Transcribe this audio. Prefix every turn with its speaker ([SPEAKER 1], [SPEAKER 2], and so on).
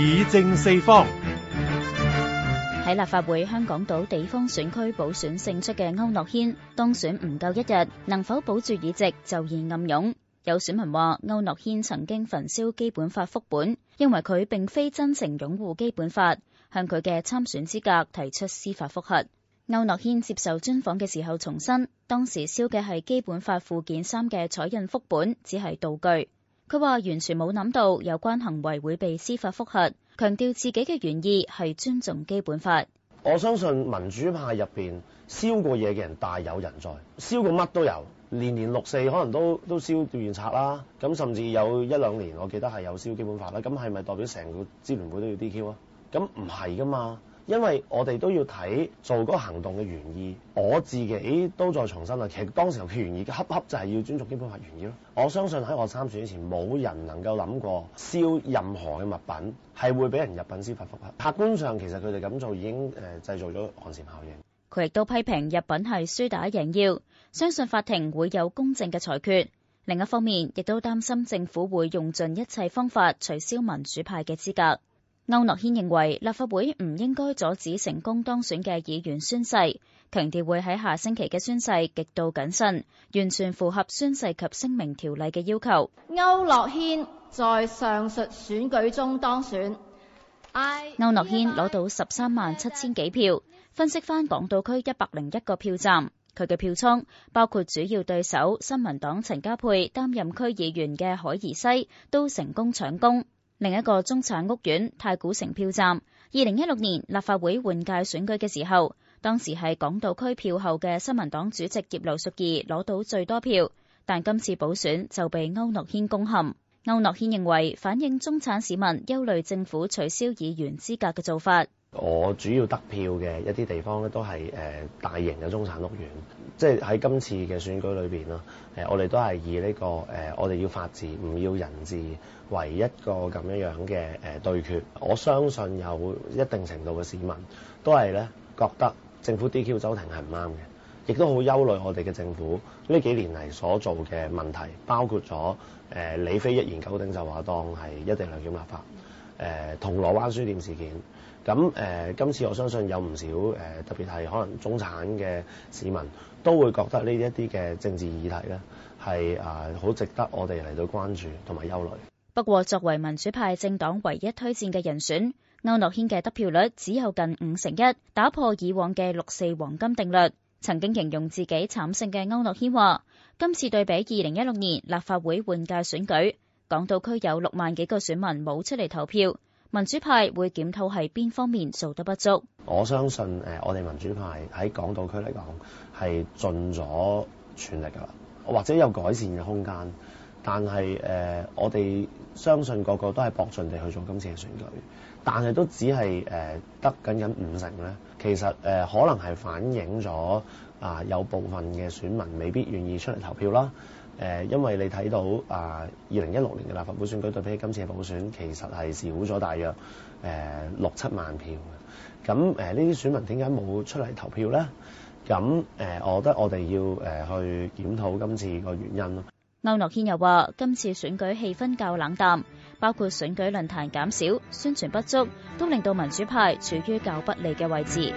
[SPEAKER 1] 議政四方。
[SPEAKER 2] 喺立法會香港島地方選區補選勝出嘅區諾軒當選唔夠一日，能否保住議席就現暗湧。有選民話區諾軒曾經焚燒基本法複本，因為佢並非真誠擁護基本法，向佢嘅參選資格提出司法複核。區諾軒接受專訪嘅時候重申，當時燒嘅係基本法附件三嘅彩印複本，只係道具。佢話完全冇諗到有關行為會被司法覆核，強
[SPEAKER 1] 調自己嘅原意係尊重基本法。我相信民主派入面燒過嘢嘅人大有人在，燒過乜都有。年年六四可能都都燒原拆啦，咁甚至有一兩年我記得係有燒基本法啦。咁係咪代表成個支聯會都要 DQ 啊？咁唔係噶嘛。因為我哋都要睇做嗰行動嘅原意，我自己都再重申啦。其實當時候嘅原意恰恰就係要尊重基本法原意咯。我相信喺我參選之前，冇人能夠諗過燒任何嘅物品係會俾人入稟司法覆核。客觀上其實佢哋咁做已經誒製造咗寒蟬效應。
[SPEAKER 2] 佢亦都批評入稟係輸打贏要，相信法庭會有公正嘅裁決。另一方面，亦都擔心政府會用盡一切方法取消民主派嘅資格。區諾軒認為立法會唔應該阻止成功當選嘅議員宣誓，強調會喺下星期嘅宣誓極度謹慎，完全符合宣誓及聲明條例嘅要求。區諾軒在上述選舉中當選，區諾軒攞到十三萬七千幾票。分析翻港島區一百零一個票站，佢嘅票倉包括主要對手新民黨陳家佩擔任區議員嘅海怡西都成功搶攻。另一個中產屋苑太古城票站，二零一六年立法會換屆選舉嘅時候，當時係港島區票后嘅新民黨主席葉劉淑儀攞到最多票，但今次補選就被區諾軒攻陷。區諾軒認為，反映中產市民憂慮政府取消議員資格嘅做法。
[SPEAKER 1] 我主要得票嘅一啲地方咧，都係誒大型嘅中產屋苑，即係喺今次嘅選舉裏邊啦。誒，我哋都係以呢個誒，我哋要法治，唔要人治為一個咁樣樣嘅誒對決。我相信有一定程度嘅市民都係咧，覺得政府 DQ 周庭係唔啱嘅。亦都好憂慮，我哋嘅政府呢幾年嚟所做嘅問題，包括咗誒、呃、李飛一言九鼎就話當係一定兩檢立法、誒銅鑼灣書店事件。咁誒、呃、今次我相信有唔少、呃、特別係可能中產嘅市民都會覺得呢一啲嘅政治議題咧係好值得我哋嚟到關注同埋憂慮。
[SPEAKER 2] 不過，作為民主派政黨唯一推薦嘅人選，區諾軒嘅得票率只有近五成一，打破以往嘅六四黃金定律。曾經形容自己慘勝嘅區諾軒話，今次對比二零一六年立法會換屆選舉，港島區有六萬幾個選民冇出嚟投票，民主派會檢討係邊方面做得不足。
[SPEAKER 1] 我相信誒，我哋民主派喺港島區嚟講係盡咗全力噶啦，或者有改善嘅空間。但係誒、呃，我哋相信個個都係搏盡地去做今次嘅選舉，但係都只係、呃、得僅僅五成咧。其實、呃、可能係反映咗啊、呃、有部分嘅選民未必願意出嚟投票啦。呃、因為你睇到啊二零一六年嘅立法會選舉對比起今次嘅補選，其實係少咗大約誒、呃、六七萬票嘅。咁呢啲選民點解冇出嚟投票咧？咁、呃、我覺得我哋要、呃、去檢討今次個原因咯。
[SPEAKER 2] 區諾軒又話：今次選舉氣氛較冷淡，包括選舉論壇減少、宣傳不足，都令到民主派處於較不利嘅位置。